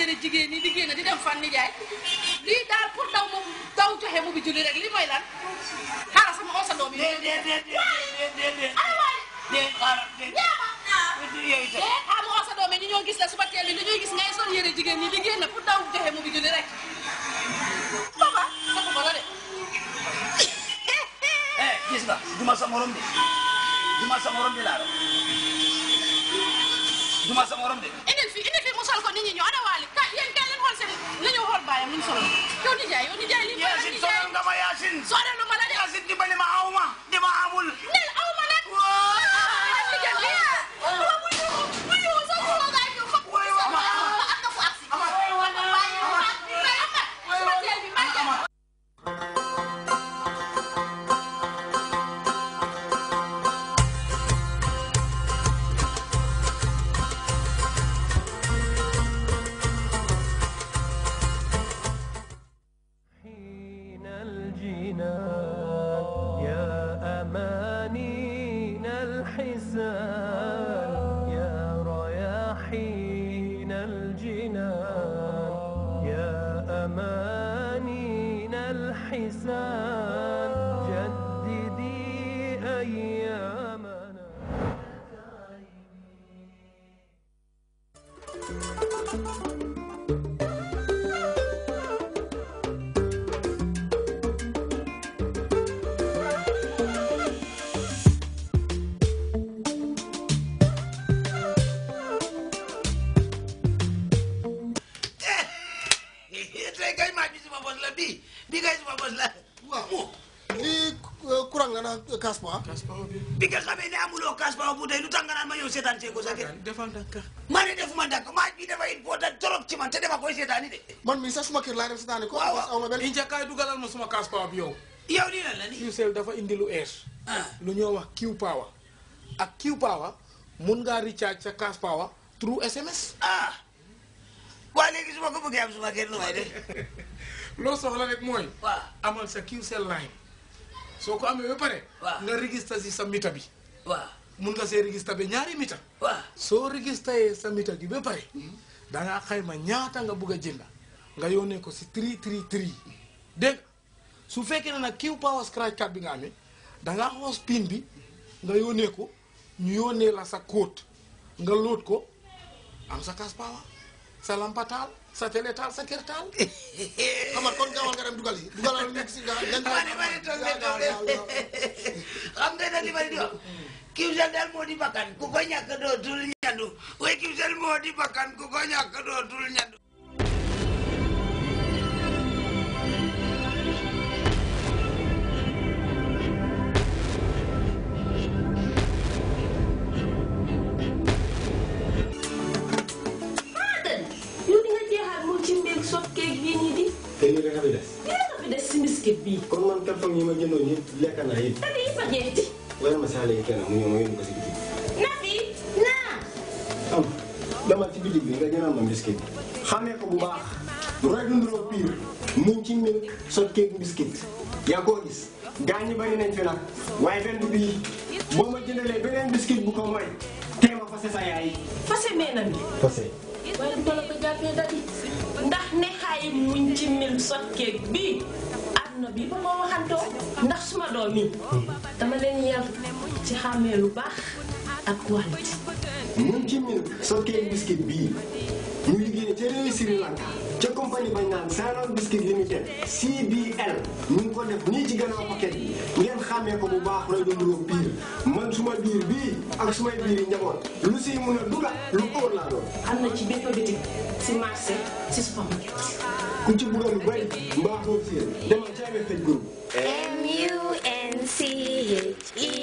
yére jigéen ni di génn di dem fan ni jaay lii daal pour daw moom daw joxe mu bi julli rek li mooy lan xaaral sama oo sa doom yi xaamu doom yi ñu ñoo gis la suba teel li gis ngay sol yére jigéen di génn pour daw joxe mu bi julli rek sa de eh gis nga sa morom de sa morom de laa sa morom de indil fi indil fi mu sol nañu xool bàyyam luñ solo yow nijaay yow nijaay li ma la nijaay sonal nga ma Yacine sonal ma la de Yacine di bañ Krishna suma bos la bii bii kay suma bos la. waaw lii euh, courant nga naan euh, amuloo cash power bu tey lu tax nga naan ma yow seetaan ma ne defuma dakka man te dama koy seetaani de. man mii sax suma kër laa dem ma suma cash power dafa indi lu ah. lu ñoo wax Q power ak Q power mun ngaa recharge sa cash power through SMS. ah léegi su ko bëggee am suma kër lu may def. loo soxla rek mooy. waaw amal sa QCell line. soo ko amee ba pare. waaw nga registré si sa mita bi. waaw mun nga see registré bi ñaari mita. soo soo registré sa mita bi ba pare. danga ngaa xayma ñaata nga bugg a jënd nga yónnee ko si tri tri tri dégg su fekkee ne nag kiw power scratch card bi nga amee da ngaa xoos bi nga yónnee ko ñu yónnee la sa code nga loot ko am sa cash power. sa lampa taal sa télé taal sa kër taal. xam nga kon gaawal nga dem dugal yi dugalal ñu si daal moo di bakkan ku ko ñàkk dootul ñandu waaye kiwsel moo di bakkan ku ko ñàkk dootul ñandu. fii. kon man carton yi ma jëndoon yëpp lekk naa yi fa ñëw ma yóbbu ko si bitig. dama ci bi nga jëndal ma biscuit. xamee ko bu baax. du rek nduroo pire. muñ ci mil sot keeg biscuit. yaa koo gis. gaañ ñi bari nañ fi nag. waaye benn bii. boo ma jëndalee beneen biscuit bu ko may. tey ma fase sa yaay. fase mee nañ. fase. waaye du ko la ko jàppee dati. ndax ne xaay muñ ci mil sot keeg bii. bi ba ma waxantoo ndax suma doom yi dama leen yar ci xàmmee lu baax ak qualité. mu ngi ci milk soo kee bii. mu liggéey ca réew Sri Lanka ca compagnie bañ naan Ceylon Biscuit Limited CBL ñu ngi ko def nii ci gannaaw paquet bi ngeen xàmmee ko bu baax lay doon róog biir man suma biir bii ak sumay biir yi njaboot lu siy mun a dugal lu óor laa doon am na ci bépp bitik si marché si ku ci bugg a lu bëri mbaaxoo fiir demal ca MFH group M C H E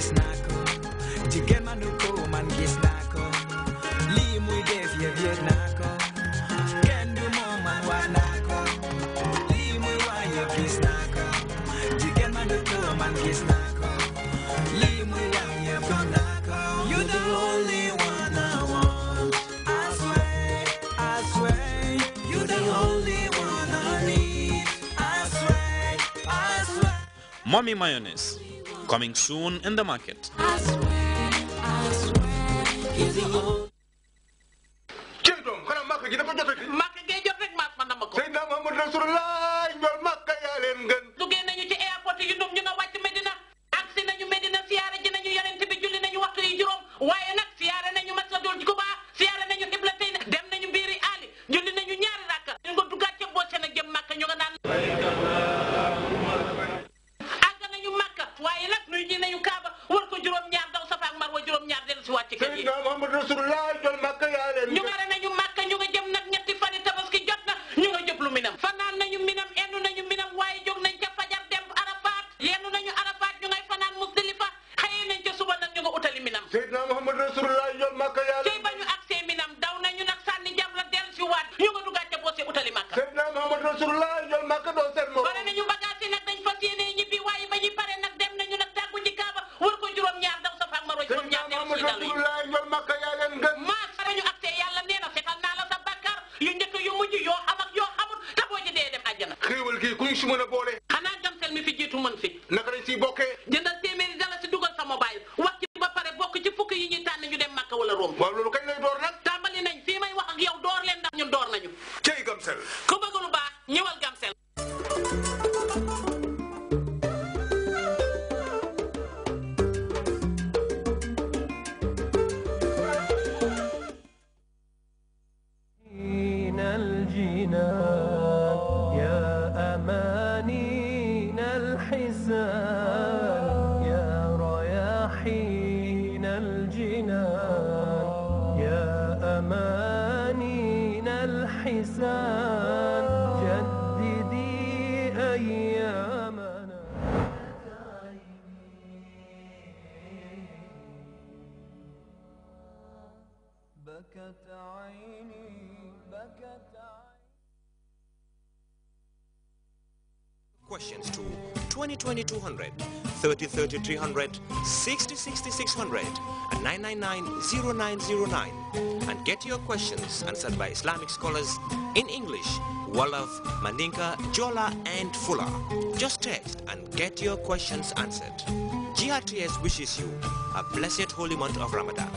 gis naa ko jigéen ma nu ko man gis naa ko lii muy def yëg naa ko kenn du man naa ko lii muy waa gis naa ko jigéen ma nu ko man gis naa ko lii muy waa naa ko you the only one I want I swear I swear you the only one I need I swear I swear Mami mayonnaise coming soon in the market. I swear, I swear yaa jol màkk yaa leen ñu ngare nañu màkk ñu nga jëm nag ñetti fani tabaski jot na ñu nga jëblu minam fanaan nañu minam ennu nañu minam waaye jóg nañ ca fajar dem arafaat yennu nañu arafaat ñu ngay fanaan musdalifa xëyee nañ ca suba nag ñu nga utali minam seydina muhammad rasulullah jol màkk yaa leen ba ñu agsee minam daw nañu nag sànni jam la dellu si waat ñu nga duggaat ca boose utali màkk seydina muhammad rasulullah jol màkk doo seet mu mën fi naka lañ ciy bokkee اللسان جددي أيامنا بكت عيني بكت عيني Questions to 2020 200 30 30 300 60 60 600 and 999 0909 and get your questions answered by Islamic scholars in English, Wolof, Mandinka, Jola and Fula. Just text and get your questions answered. GRTS wishes you a blessed holy month of Ramadan.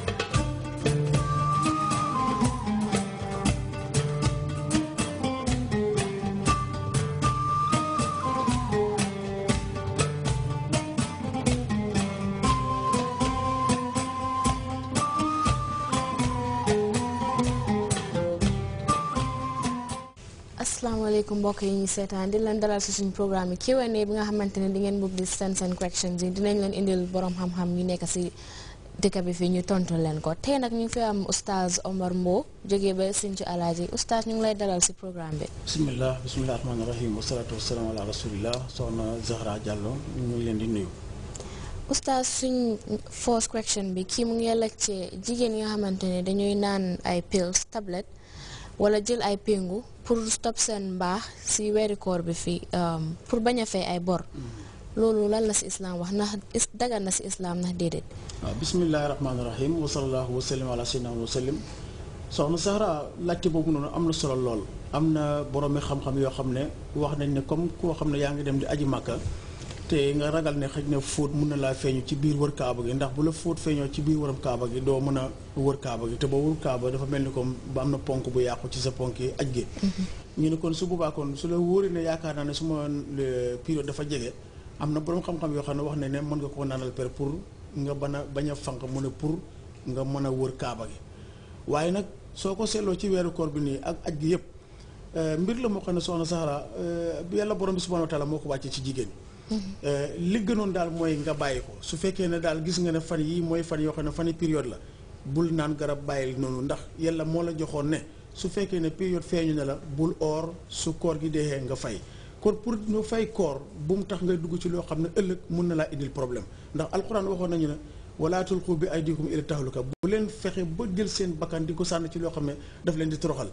asalaamaaleykum mbokk yi ñu seetaan di leen dalal si suñ programme bi yi wennee bi nga xamante ne di ngeen bëgg di sense and corrections yi dinañ leen indil borom xam-xam yu nekk si dëkk bi fii ñu tontu leen ko tey nag ñu ngi fi am oustaz Omar Mbow jógee ba Sinthiou Alaaji oustaz ñu ngi lay dalal si programme bi. bisimilah bisimilah rahmaani rahiim wasalaatu wasalaam ala rasulillah soxna Zahra Diallo ñu ngi leen di nuyu. oustaz suñ first correction bi kii mu ngi ci jigéen yi nga xamante ne dañuy naan ay pills tablet wala jël ay péngu pour stop seen mbaax si weeri koor bi fii um, pour bañ a fay ay bor mm-hmm. loolu lan la si islam wax ndax is dagal na si islam ndax déedéet. waaw bismillahi rahmaani rahim wa sallallahu wa sallam ala sayyidina wa sallim soxna Sahra laajte boobu noonu am na solo lool am na boroomi xam-xam yoo xam ne wax nañ ne comme koo xam ne yaa ngi dem di aji màkka te nga ragal ne xëj na fóot mun na laa feeñu ci biir wër kaaba gi ndax bu la foot feñu ci biir wëram kaaba gi do mëna wër kaaba gi te bo wër kaaba dafa melni ni ba amna na bu yaqku ci sa ponki aj gi mm-hmm. ñu ne kon su ba kon su la wóoree ne yaakaar naa ne su le période dafa jege am borom xam-xam yo xam ne wax ne ne mën nga ko nanal per pour nga bana baña fank mëna pour nga mëna wër kaaba gi waye nak soko ko ci weeru koor bi ni ak aj gi yëpp euh, mbir la mo xam soxna Sahara euh, yalla borom subhanahu wa taala moko wacc ci jigéen Euh, li gënoon daal mooy nga bàyyi ko su fekkee ne daal gis nga ne fan yi mooy fan yoo xam ne fan fani période la bul naan garab bàyyil noonu ndax yàlla moo la joxoon ne su fekkee ne période feeñu ne la bul oor su koor gi deexee nga fay kon pour nu fay koor bu mu tax ngay dugg ci loo xam ne ëllëg mun na laa indil problème ndax alxuraan waxoon nañu ne wala tulqu bi aydikum ila tahluka bu leen fexe ba jël seen bakkan di ko sànn ci loo xam ne daf leen di toroxal